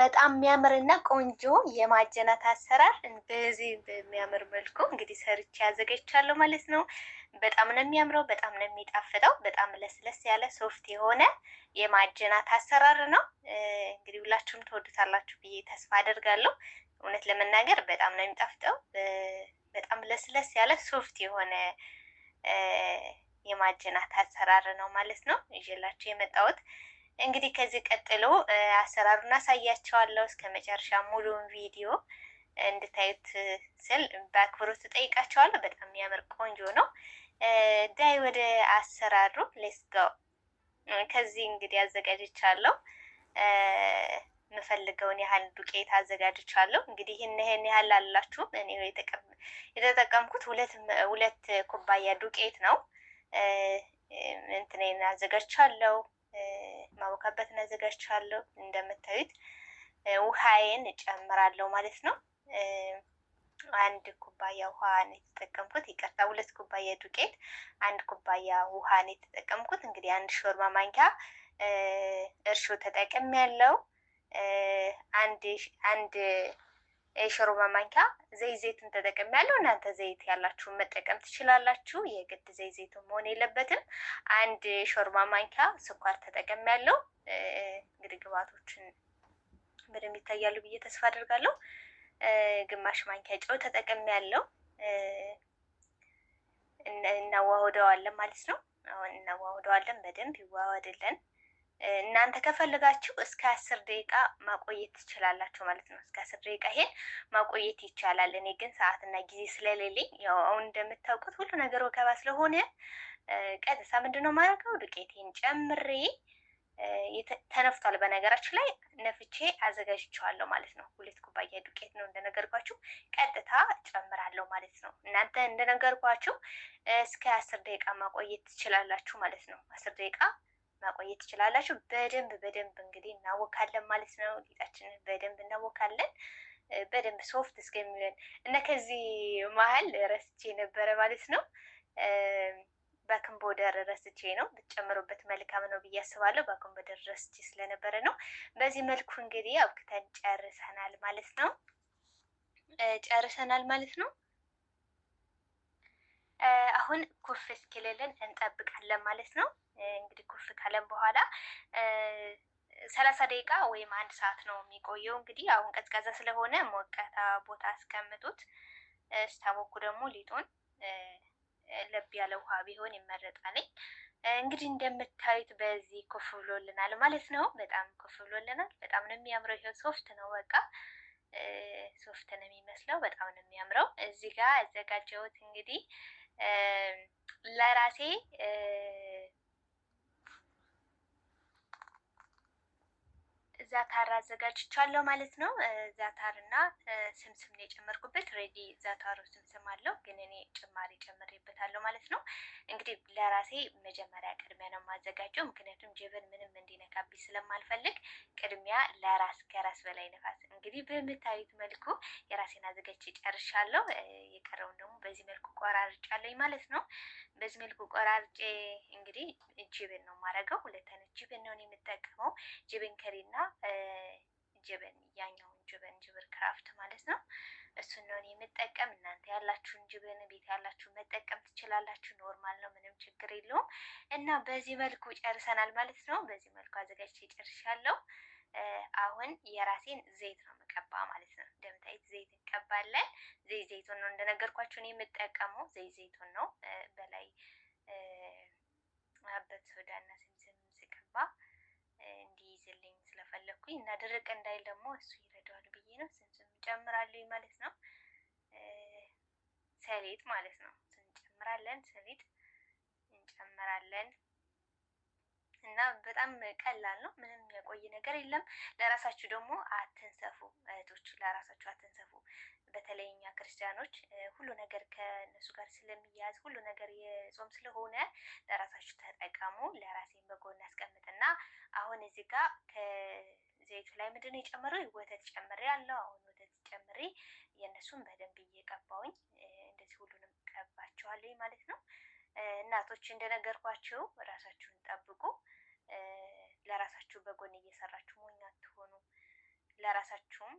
በጣም የሚያምር እና ቆንጆ የማጀናት አሰራር በዚህ በሚያምር መልኩ እንግዲህ ሰርቼ ያዘጋጅቻለሁ ማለት ነው። በጣም ነው የሚያምረው፣ በጣም ነው የሚጣፍጠው። በጣም ለስለስ ያለ ሶፍት የሆነ የማጀናት አሰራር ነው። እንግዲህ ሁላችሁም ተወዱታላችሁ ብዬ ተስፋ አደርጋለሁ። እውነት ለመናገር በጣም ነው የሚጣፍጠው። በጣም ለስለስ ያለ ሶፍት የሆነ የማጀናት አሰራር ነው ማለት ነው ይዤላችሁ የመጣሁት እንግዲህ ከዚህ ቀጥሎ አሰራሩን አሳያቸዋለሁ። እስከ መጨረሻ ሙሉውን ቪዲዮ እንድታዩት ስል በአክብሮት ትጠይቃቸዋለሁ። በጣም የሚያምር ቆንጆ ነው። ዳይ ወደ አሰራሩ ሌስ ጋው ከዚህ እንግዲህ አዘጋጅቻለሁ። የምፈልገውን ያህል ዱቄት አዘጋጅቻለሁ። እንግዲህ ይህን ይህን ያህል አላችሁም። እኔ የተጠቀምኩት ሁለት ኩባያ ዱቄት ነው። እንትኔን አዘጋጅቻለሁ። ማቦካበት ነዘጋጅቻለሁ። እንደምታዩት ውሃዬን እጨምራለሁ ማለት ነው። አንድ ኩባያ ውሃ ነው የተጠቀምኩት። ይቅርታ ሁለት ኩባያ ዱቄት፣ አንድ ኩባያ ውሃ ነው የተጠቀምኩት። እንግዲህ አንድ ሾርባ ማንኪያ እርሾ ያለው አንድ አንድ የሾርባ ማንኪያ ዘይት ዘይቱን ተጠቅም ያለው እናንተ ዘይት ያላችሁን መጠቀም ትችላላችሁ። የግድ ዘይት ዘይቱ መሆን የለበትም። አንድ የሾርባ ማንኪያ ስኳር ተጠቅም ያለው። እንግዲህ ግብአቶችን በደንብ ይታያሉ ብዬ ተስፋ አድርጋለሁ። ግማሽ ማንኪያ ጨው ተጠቅም ያለው። እናዋህደዋለን ማለት ነው። አሁን እናዋህደዋለን በደንብ ይዋወድልን። እናንተ ከፈለጋችሁ እስከ አስር ደቂቃ ማቆየት ትችላላችሁ ማለት ነው። እስከ አስር ደቂቃ ይሄን ማቆየት ይቻላል። እኔ ግን ሰዓትና ጊዜ ስለሌለኝ ያው አሁን እንደምታውቁት ሁሉ ነገር ወከባ ስለሆነ ቀጥታ ምንድን ነው ማድረገው ዱቄቴን ጨምሬ ተነፍቷል። በነገራችን ላይ ነፍቼ አዘጋጅቸዋለሁ ማለት ነው። ሁለት ኩባያ ዱቄት ነው እንደነገርኳችሁ፣ ቀጥታ ጨምራለሁ ማለት ነው። እናንተ እንደነገርኳችሁ እስከ አስር ደቂቃ ማቆየት ትችላላችሁ ማለት ነው። አስር ደቂቃ ማቆየት ትችላላችሁ። በደንብ በደንብ እንግዲህ እናወካለን ማለት ነው። ጌጣችንን በደንብ እናወካለን በደንብ ሶፍት እስከሚሆን እና ከዚህ መሀል ረስቼ ነበረ ማለት ነው። ባክን ቦደር ረስቼ ነው ብትጨምሩበት መልካም ነው ብዬ አስባለሁ። ባክን ቦደር ረስቼ ስለነበረ ነው። በዚህ መልኩ እንግዲህ አብክተን ጨርሰናል ማለት ነው። ጨርሰናል ማለት ነው። አሁን ኩፍ እስኪልልን እንጠብቃለን ማለት ነው። እንግዲህ ኩፍ ከለም በኋላ ሰላሳ ደቂቃ ወይም አንድ ሰዓት ነው የሚቆየው። እንግዲህ አሁን ቀዝቃዛ ስለሆነ ሞቀታ ቦታ አስቀምጡት። ስታቦኩ ደግሞ ሊጡን ለብ ያለ ውሃ ቢሆን ይመረጣልኝ። እንግዲህ እንደምታዩት በዚህ ኩፍ ብሎልናል ማለት ነው። በጣም ኩፍ ብሎልናል። በጣም ነው የሚያምረው። ይሄው ሶፍት ነው በቃ ሶፍት ነው የሚመስለው። በጣም ነው የሚያምረው። እዚህ ጋር ያዘጋጀውት እንግዲህ ለራሴ ዛታር አዘጋጅቻለሁ ማለት ነው። ዛታር እና ስምስም ነው የጨመርኩበት። ሬዲ ዛታሩ ስምስም አለው ግን እኔ ጭማሪ ጨምሬበታለሁ ማለት ነው። እንግዲህ ለራሴ መጀመሪያ ቅድሚያ ነው የማዘጋጀው፣ ምክንያቱም ጅብን ምንም እንዲነካብኝ ስለማልፈልግ ቅድሚያ ለራስ ከራስ በላይ ነፋስ። እንግዲህ በምታዩት መልኩ የራሴን አዘጋጅ ጨርሻለሁ። የቀረውን ደግሞ በዚህ መልኩ ቆራርጫለኝ ማለት ነው። በዚህ መልኩ ቆራርጬ እንግዲህ ጅብን ነው የማደርገው። ሁለት አይነት ጅብን ነው የምጠቀመው፣ ጅብን ከሪና ጅብን ያኛውን ጅብን ጅብር ክራፍት ማለት ነው። እሱን ነው እኔ የምጠቀም። እናንተ ያላችሁን ጅብን ቤት ያላችሁን መጠቀም ትችላላችሁ። ኖርማል ነው፣ ምንም ችግር የለውም። እና በዚህ መልኩ ጨርሰናል ማለት ነው። በዚህ መልኩ አዘጋጅቼ ጨርሻለሁ። አሁን የራሴን ዘይት ነው የምቀባ ማለት ነው። እንደምታዩት ዘይት እንቀባለን። ዘይት ዘይቱን ነው እንደነገርኳችሁ እኔ የምጠቀመው ዘይት ዘይቱን ነው። በላይ አበት ሶዳና ስምስም ስቀባ እንዲይዝልኝ ስለፈለግኩኝ እና ድርቅ እንዳይል ደግሞ እሱ ይረዳዋል ብዬ ነው እንጨምራለን ማለት ነው። ሰሊጥ ማለት ነው እንጨምራለን፣ ሰሊጥ እንጨምራለን እና በጣም ቀላል ነው። ምንም የሚያቆይ ነገር የለም። ለራሳችሁ ደግሞ አትንሰፉ እህቶች፣ ለራሳችሁ አትንሰፉ። በተለይ እኛ ክርስቲያኖች ሁሉ ነገር ከእነሱ ጋር ስለሚያያዝ ሁሉ ነገር የጾም ስለሆነ ለራሳችሁ ተጠቀሙ። ለራሴን በጎን አስቀምጥና አሁን እዚህ ጋር ከዘይቱ ላይ ምንድን ነው የጨመረው? ወተት ጨምሬ ያለው አሁን ጨምሬ የእነሱን በደንብ እየቀባውኝ እንደዚህ ሁሉንም ቀባቸዋለኝ ማለት ነው። እናቶች እንደነገርኳቸው ራሳችሁን ጠብቁ። ለራሳችሁ በጎን እየሰራችሁ ሞኝ አትሆኑ። ለራሳችሁም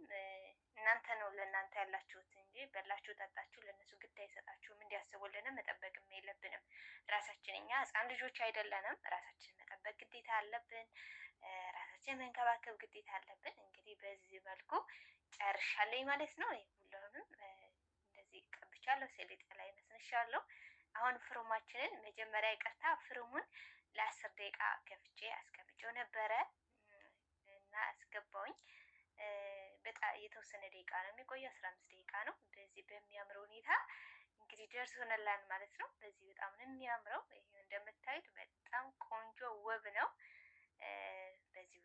እናንተ ነው ለእናንተ ያላችሁት እንጂ በላችሁ ጠጣችሁ ለእነሱ ግድ አይሰጣችሁም። እንዲያስቡልንም መጠበቅም የለብንም። ራሳችን እኛ ሕፃን ልጆች አይደለንም። ራሳችን መጠበቅ ግዴታ አለብን። ራሳችን መንከባከብ ግዴታ አለብን። እንግዲህ በዚህ መልኩ ጨርሻለኝ ማለት ነው። ሁሉንም እንደዚህ ቀብቻለሁ። ሰሊጥ ላይ መስንሻለሁ። አሁን ፍሩማችንን መጀመሪያ ይቅርታ ፍሩሙን ለአስር ደቂቃ ከፍቼ አስገብቼው ነበረ እና አስገባውኝ። በጣም የተወሰነ ደቂቃ ነው የሚቆየው፣ አስራ አምስት ደቂቃ ነው። በዚህ በሚያምር ሁኔታ እንግዲህ ደርስ ሆነላን ማለት ነው። በዚህ በጣም ነው የሚያምረው። ይሄ እንደምታዩት በጣም ቆንጆ ውብ ነው። በዚህ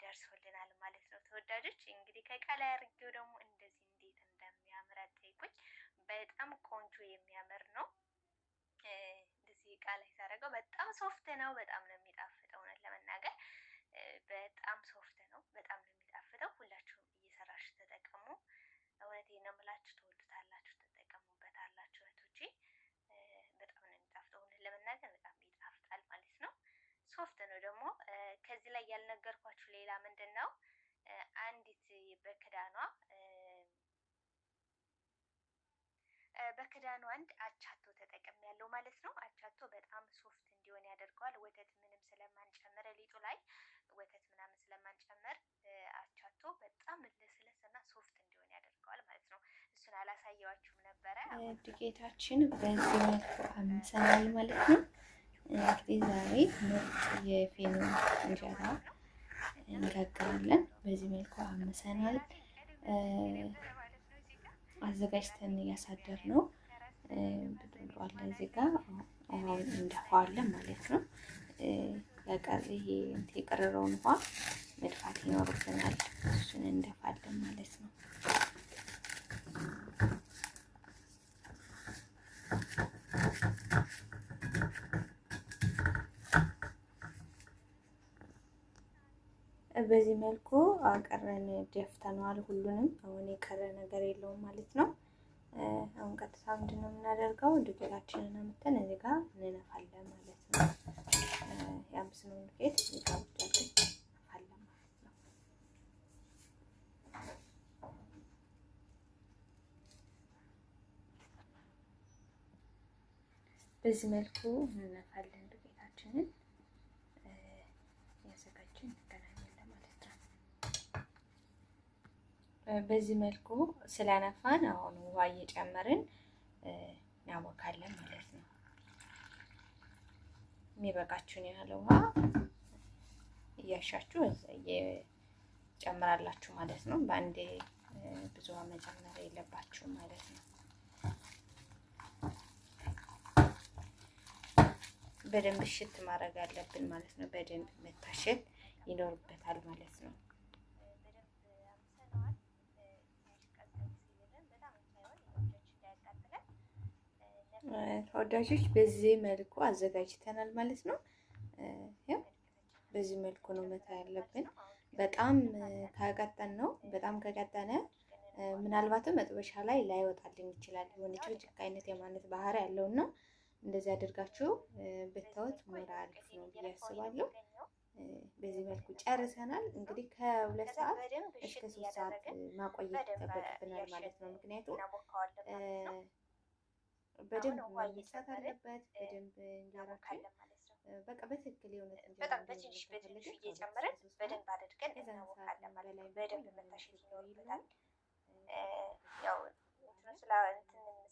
ደርሶልናል ማለት ነው ተወዳጆች። እንግዲህ ከቀላይ አርጌው ደግሞ እንደዚህ እንዴት እንደሚያምር አጠይቁኝ። በጣም ቆንጆ የሚያምር ነው። እንደዚህ እቃ ላይ ሳደርገው በጣም ሶፍት ነው። በጣም ነው የሚጣፍጠው። እውነት ለመናገር በጣም ሶፍት ነው። በጣም ነው የሚጣፍጠው። ሁላችሁም እየሰራችሁ ተጠቀሙ። እውነቴን ነው የምላችሁ፣ ትወዱታላችሁ፣ ትጠቀሙበታላችሁ እህቶቼ። እዚህ ላይ ያልነገርኳችሁ ሌላ ምንድን ነው አንዲት በክዳኗ በክዳኑ አንድ አቻቶ ተጠቅም ያለው ማለት ነው። አቻቶ በጣም ሶፍት እንዲሆን ያደርገዋል። ወተት ምንም ስለማንጨምር ሊጡ ላይ ወተት ምናምን ስለማንጨምር አቻቶ በጣም ልስልስ እና ሶፍት እንዲሆን ያደርገዋል ማለት ነው። እሱን አላሳየዋችሁም ነበረ። ዱቄታችን በዚህ መልኩ አምሰናል ማለት ነው። እንግዲህ ዛሬ ምርጥ የፊኖ እንጀራ እንጋግራለን። በዚህ መልኩ አምሰናል አዘጋጅተን እያሳደር ነው ብጥንጧለ እዚህ ጋር አሁን እንደፋዋለን ማለት ነው። ይሄ የቀረረውን ውሃ መድፋት ይኖርብናል። እሱን እንደፋለን ማለት ነው። በዚህ መልኩ አቀረን ደፍተነዋል። ሁሉንም አሁን የቀረ ነገር የለውም ማለት ነው። አሁን ቀጥታ ምንድን ነው የምናደርገው? ዱቄታችንን አምተን እዚህ ጋር እንነፋለን ማለት ነው። የአምስኑን ዱቄት ሊቃብጫለን ማለት ነው። በዚህ መልኩ እንነፋለን ዱቄታችንን በዚህ መልኩ ስለነፋን አሁን ውሃ እየጨመርን እናቦካለን ማለት ነው። የሚበቃችሁን ያህል ውሃ እያሻችሁ እየጨምራላችሁ ማለት ነው። በአንዴ ብዙ ውሃ መጨመር የለባችሁም ማለት ነው። በደንብ እሽት ማድረግ አለብን ማለት ነው። በደንብ መታሸት ይኖርበታል ማለት ነው። ተወዳጆች በዚህ መልኩ አዘጋጅተናል ማለት ነው። በዚህ መልኩ ነው መታ ያለብን። በጣም ከቀጠን ነው በጣም ከቀጠነ ምናልባትም መጥበሻ ላይ ላይወጣልን ይችላል። የሆነ ጭቅጭቅ አይነት የማነት ባህሪ ያለውና እንደዚህ አድርጋችሁ ብታወት ሞራ አሪፍ ነው ብዬ አስባለሁ። በዚህ መልኩ ጨርሰናል። እንግዲህ ከሁለት ሰዓት እስከ ሶስት ሰዓት ማቆየት ይጠበቅብናል ማለት ነው ምክንያቱም በደንብ መሰራት አለበት። በደንብ እንጀራችን በቃ በትክክል የሆነት በጣም በትንሽ በትንሽ እየጨመረን በደንብ አድርገን እናወቃለን ማለት ነው። በደንብ መታሸት ይኖርበታል። ያው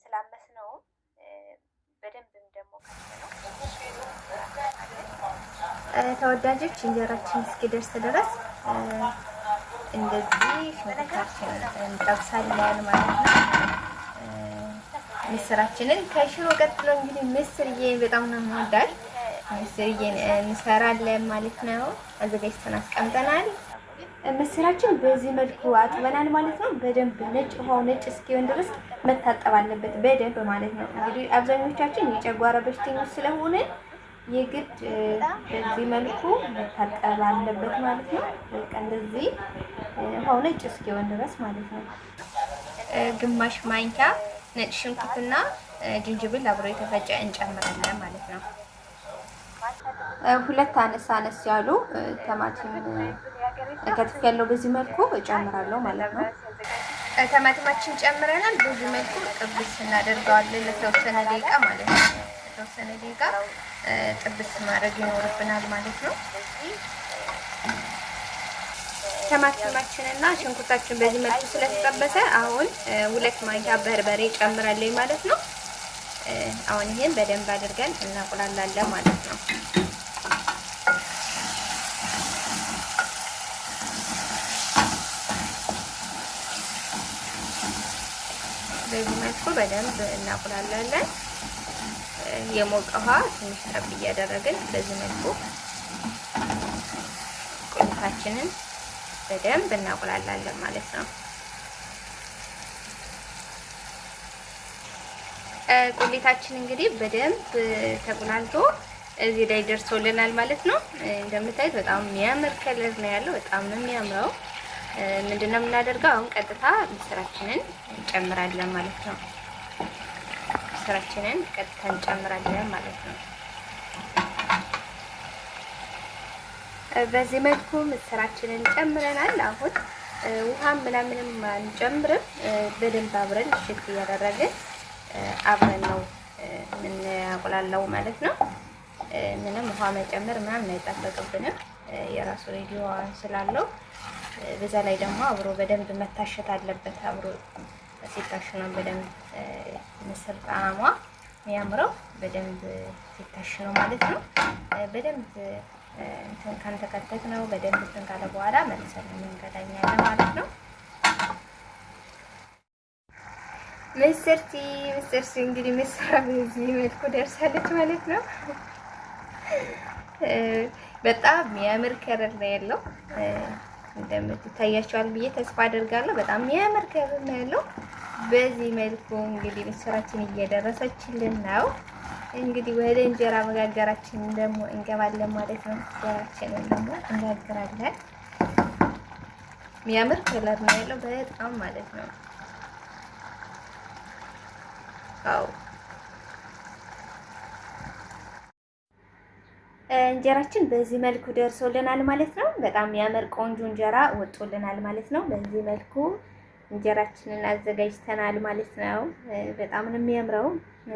ስላመስ ነው። በደንብም ደግሞ ተወዳጆች እንጀራችን እስኪደርስ ድረስ እንደዚህ እንጠብሳለን ማለት ነው። ምስራችንን ከሽሮ ቀጥሎ እንግዲህ ምስርዬ በጣም ነው የምወዳት። ምስርዬ እንሰራለን ማለት ነው። አዘጋጅተን አስቀምጠናል። ምስራችን በዚህ መልኩ አጥበናል ማለት ነው። በደንብ ነጭ ውሃው ነጭ እስኪሆን ድረስ መታጠብ አለበት በደንብ ማለት ነው። እንግዲህ አብዛኞቻችን የጨጓራ በሽተኞች ስለሆነ የግድ በዚህ መልኩ መታጠብ አለበት ማለት ነው። በቃ እንደዚህ ውሃው ነጭ እስኪሆን ድረስ ማለት ነው። ግማሽ ማንኪያ ነጭ ሽንኩርትና ጅንጅብል አብሮ የተፈጨ እንጨምራለን ማለት ነው። ሁለት አነስ አነስ ያሉ ቲማቲም ከትፍ ያለው በዚህ መልኩ እጨምራለሁ ማለት ነው። ቲማቲማችን ጨምረናል። በዚህ መልኩ ጥብስ እናደርገዋለን ለተወሰነ ደቂቃ ማለት ነው። ለተወሰነ ደቂቃ ጥብስ ማድረግ ይኖርብናል ማለት ነው። ቲማቲማችንና ሽንኩርታችን በዚህ መልኩ ስለተጠበሰ አሁን ሁለት ማንኪያ በርበሬ ጨምራለሁ ማለት ነው። አሁን ይሄን በደንብ አድርገን እናቁላላለን ማለት ነው። በዚህ መልኩ በደንብ እናቁላላለን። የሞቀ ውሃ ትንሽ ጠብ እያደረግን በዚህ መልኩ ቁልፋችንን በደንብ እናቁላላለን ማለት ነው። ቁሌታችን እንግዲህ በደንብ ተቁላልቶ እዚህ ላይ ደርሶልናል ማለት ነው። እንደምታዩት በጣም የሚያምር ከለር ነው ያለው። በጣም ነው የሚያምረው። ምንድነው የምናደርገው አሁን? ቀጥታ ምስራችንን እንጨምራለን ማለት ነው። ምስራችንን ቀጥታ እንጨምራለን ማለት ነው። በዚህ መልኩ ምስራችንን ጨምረናል። አሁን ውሃ ምናምንም አንጨምርም። በደንብ አብረን እሽት እያደረግን አብረን ነው የምናቆላለው ማለት ነው። ምንም ውሃ መጨመር ምናምን አይጠበቅብንም። የራሱ ሬዲዮ ስላለው በዛ ላይ ደግሞ አብሮ በደንብ መታሸት አለበት። አብሮ ሲታሽ ነው በደንብ ምስር ጣዕሟ የሚያምረው በደንብ ሲታሽ ነው ማለት ነው። በደንብ እንትን ካንተከተት ነው በደንብ እንትን ካለ በኋላ መልሰን እንገዳኛለን ማለት ነው። ምስርቲ ምስርቲ እንግዲህ ምስራ በዚህ መልኩ ደርሳለች ማለት ነው። በጣም የሚያምር ከረር ነው ያለው እንደምትታያቸዋል ብዬ ተስፋ አደርጋለሁ። በጣም የሚያምር ከረር ነው ያለው። በዚህ መልኩ እንግዲህ ምስራችን እየደረሰችልን ነው። እንግዲህ ወደ እንጀራ መጋገራችን ደግሞ እንገባለን ማለት ነው። እንጀራችንን ደግሞ እንጋግራለን። የሚያምር ከለር ነው ያለው በጣም ማለት ነው። አዎ እንጀራችን በዚህ መልኩ ደርሶልናል ማለት ነው። በጣም የሚያምር ቆንጆ እንጀራ ወጦልናል ማለት ነው። በዚህ መልኩ እንጀራችንን አዘጋጅተናል ማለት ነው። በጣም ነው የሚያምረው።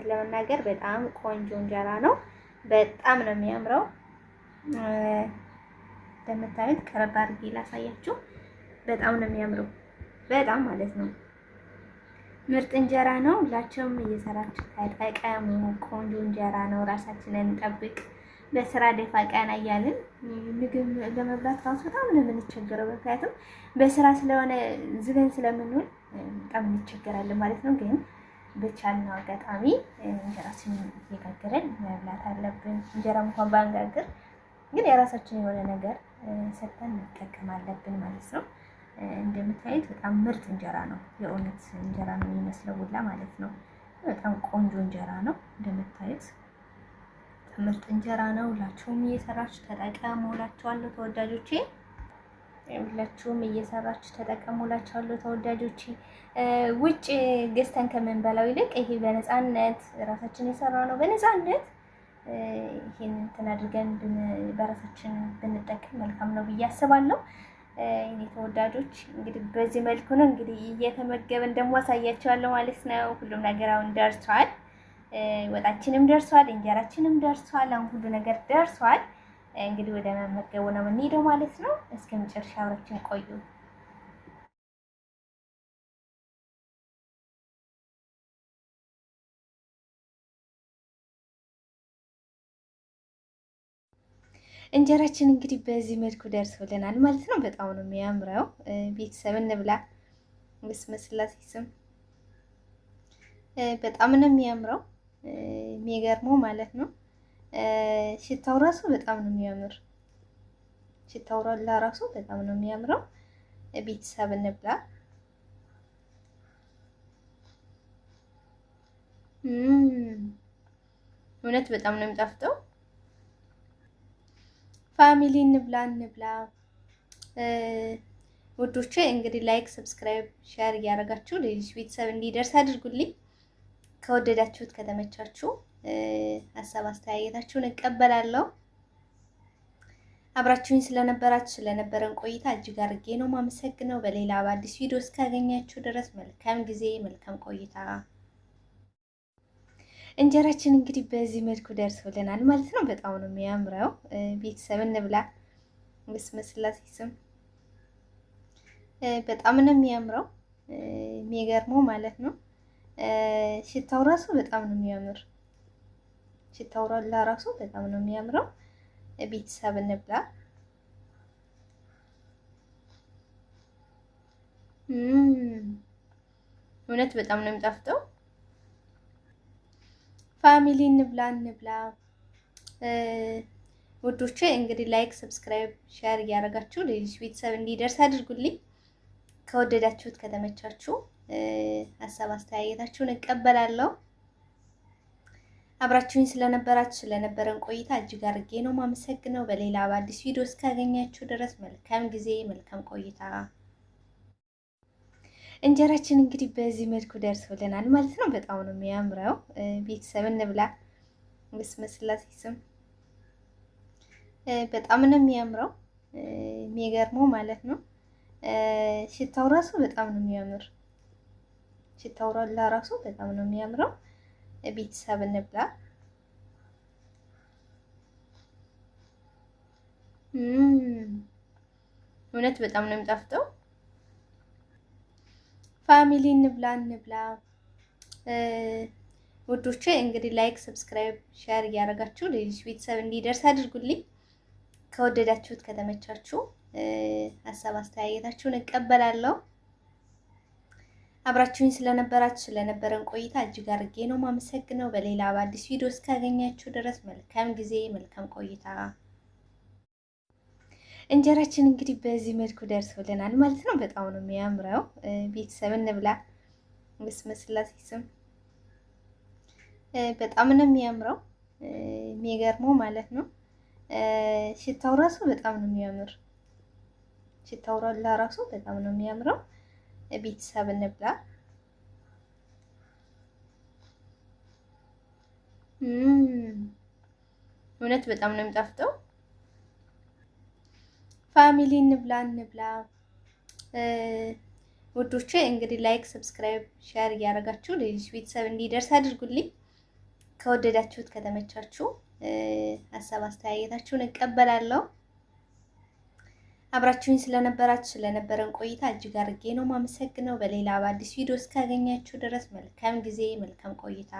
ለመናገር በጣም ቆንጆ እንጀራ ነው። በጣም ነው የሚያምረው። እንደምታዩት ቀረብ አድርጌ ላሳያችሁ። በጣም ነው የሚያምረው፣ በጣም ማለት ነው። ምርጥ እንጀራ ነው። ሁላችሁም እየሰራችሁ ተጠቀሙ። ቆንጆ እንጀራ ነው። ራሳችንን እንጠብቅ። በስራ ደፋ ቀና እያልን ምግብ ለመብላት ራሱ በጣም ነው የምንቸገረው። ምክንያቱም በስራ ስለሆነ ዝገን ስለምንሆን በጣም እንቸገራለን ማለት ነው ግን በቻልነው አጋጣሚ እንጀራችንን እየጋገረን መብላት አለብን። እንጀራ እንኳን ባንጋግር ግን የራሳችን የሆነ ነገር ሰጥተን መጠቀም አለብን ማለት ነው። እንደምታዩት በጣም ምርጥ እንጀራ ነው። የእውነት እንጀራ ነው የሚመስለው ሁላ ማለት ነው። በጣም ቆንጆ እንጀራ ነው። እንደምታዩት ምርጥ እንጀራ ነው። ሁላችሁም እየሰራችሁ ተጠቀሙ እላችኋለሁ ተወዳጆቼ። ሁላችሁም እየሰራችሁ ተጠቀሙላችሁ አሉ ተወዳጆች። ውጭ ገዝተን ከምንበላው ይልቅ ይሄ በነፃነት ራሳችን የሰራ ነው። በነፃነት ይህን እንትን አድርገን በራሳችን ብንጠቀም መልካም ነው ብዬ አስባለሁ። እኔ ተወዳጆች እንግዲህ በዚህ መልኩ ነው እንግዲህ እየተመገብን ደግሞ አሳያቸዋለሁ ማለት ነው። ሁሉም ነገር አሁን ደርሷል። ወጣችንም ደርሷል፣ እንጀራችንም ደርሷል። አሁን ሁሉ ነገር ደርሷል። እንግዲህ ወደ መመገቡ ነው የምንሄደው ማለት ነው። እስከ መጨረሻ አብራችን ቆዩ። እንጀራችን እንግዲህ በዚህ መልኩ ደርሶልናል ማለት ነው። በጣም ነው የሚያምረው። ቤተሰብ እንብላ። በስመ ስላሴ ስም በጣም ነው የሚያምረው የሚገርመው ማለት ነው። ሽታው ራሱ በጣም ነው የሚያምር። ሽታው ራሱ በጣም ነው የሚያምረው። ቤተሰብ እንብላ። እውነት በጣም ነው የሚጣፍጠው። ፋሚሊ እንብላ እንብላ። ውዶቼ እንግዲህ ላይክ፣ ሰብስክራይብ፣ ሼር እያደረጋችሁ ለሌሎች ቤተሰብ እንዲደርስ አድርጉልኝ። ከወደዳችሁት ከተመቻችሁ ሀሳብ አስተያየታችሁን እቀበላለሁ። አብራችሁኝ ስለነበራችሁ ስለነበረን ቆይታ እጅግ አድርጌ ነው ማመሰግነው። በሌላ በአዲስ ቪዲዮ እስካገኛችሁ ድረስ መልካም ጊዜ፣ መልካም ቆይታ። እንጀራችን እንግዲህ በዚህ መልኩ ደርሶልናል ማለት ነው። በጣም ነው የሚያምረው። ቤተሰብ እንብላ። በስመ ስላሴ ስም በጣም ነው የሚያምረው። የሚገርመው ማለት ነው ሽታው ራሱ በጣም ነው የሚያምር። ሲታውራላ ራሱ በጣም ነው የሚያምረው። ቤተሰብ እንብላ። እውነት በጣም ነው የሚጣፍጠው። ፋሚሊ እንብላ እንብላ። ውዶቼ እንግዲህ ላይክ፣ ሰብስክራይብ፣ ሼር እያደረጋችሁ ለልጅ ቤተሰብ እንዲደርስ አድርጉልኝ። ከወደዳችሁት ከተመቻችሁ ሀሳብ አስተያየታችሁን እቀበላለሁ። አብራችሁኝ ስለነበራችሁ ስለነበረን ቆይታ እጅግ አድርጌ ነው ማመሰግነው። በሌላ በአዲስ ቪዲዮ እስካገኛችሁ ድረስ መልካም ጊዜ፣ መልካም ቆይታ። እንጀራችን እንግዲህ በዚህ መልኩ ደርሰውልናል ማለት ነው። በጣም ነው የሚያምረው። ቤተሰብ እንብላ። በስመ ስላሴ ስም በጣም ነው የሚያምረው። የሚገርመው ማለት ነው ሽታው ራሱ በጣም ነው የሚያምር። ሽታው ራሱ በጣም ነው የሚያምረው። ቤተሰብ እንብላ። እውነት በጣም ነው የሚጣፍጠው። ፋሚሊ እንብላ እንብላ። ውዶቼ እንግዲህ ላይክ፣ ሰብስክራይብ፣ ሼር እያደረጋችሁ ለሌሎች ቤተሰብ እንዲደርስ አድርጉልኝ። ከወደዳችሁት ከተመቻችሁ ሀሳብ አስተያየታችሁን እቀበላለሁ። አብራችሁኝ ስለነበራችሁ ስለነበረን ቆይታ እጅግ አድርጌ ነው ማመሰግነው። በሌላ በአዲስ ቪዲዮ እስካገኛችሁ ድረስ መልካም ጊዜ፣ መልካም ቆይታ። እንጀራችን እንግዲህ በዚህ መልኩ ደርሰውልናል ማለት ነው። በጣም ነው የሚያምረው። ቤተሰብ እንብላ። በስመ ስላሴ ስም በጣም ነው የሚያምረው። የሚገርመው ማለት ነው ሽታው ራሱ በጣም ነው የሚያምር። ሽታው ራሱ በጣም ነው የሚያምረው። ቤተሰብ እንብላ። እውነት በጣም ነው የሚጣፍጠው። ፋሚሊ እንብላ እንብላ። ውዶቼ እንግዲህ ላይክ፣ ሰብስክራይብ፣ ሼር እያደረጋችሁ ሌሎች ቤተሰብ እንዲደርስ አድርጉልኝ። ከወደዳችሁት ከተመቻችሁ ሀሳብ አስተያየታችሁን እቀበላለሁ። አብራችሁኝ ስለነበራችሁ ስለነበረን ቆይታ እጅግ አድርጌ ነው ማመሰግነው። በሌላ በአዲስ ቪዲዮ እስካገኛችሁ ድረስ መልካም ጊዜ፣ መልካም ቆይታ